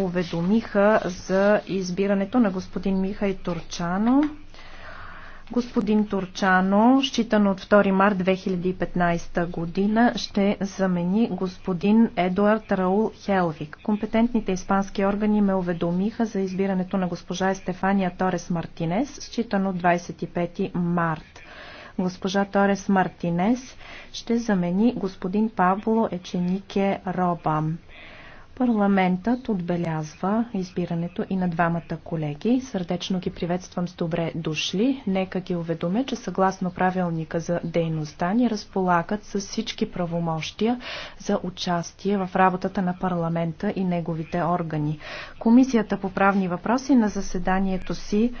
уведомиха за избирането на господин Михай Турчано. Господин Турчано, считан от 2 март 2015 година, ще замени господин Едуард Раул Хелвик. Компетентните испански органи ме уведомиха за избирането на госпожа Естефания Торес Мартинес, считано от 25 март госпожа Торес Мартинес ще замени господин Павло Еченике Робам. Парламентът отбелязва избирането и на двамата колеги. Сърдечно ги приветствам с добре дошли. Нека ги уведомя, че съгласно правилника за дейността ни разполагат с всички правомощия за участие в работата на парламента и неговите органи. Комисията по правни въпроси на заседанието си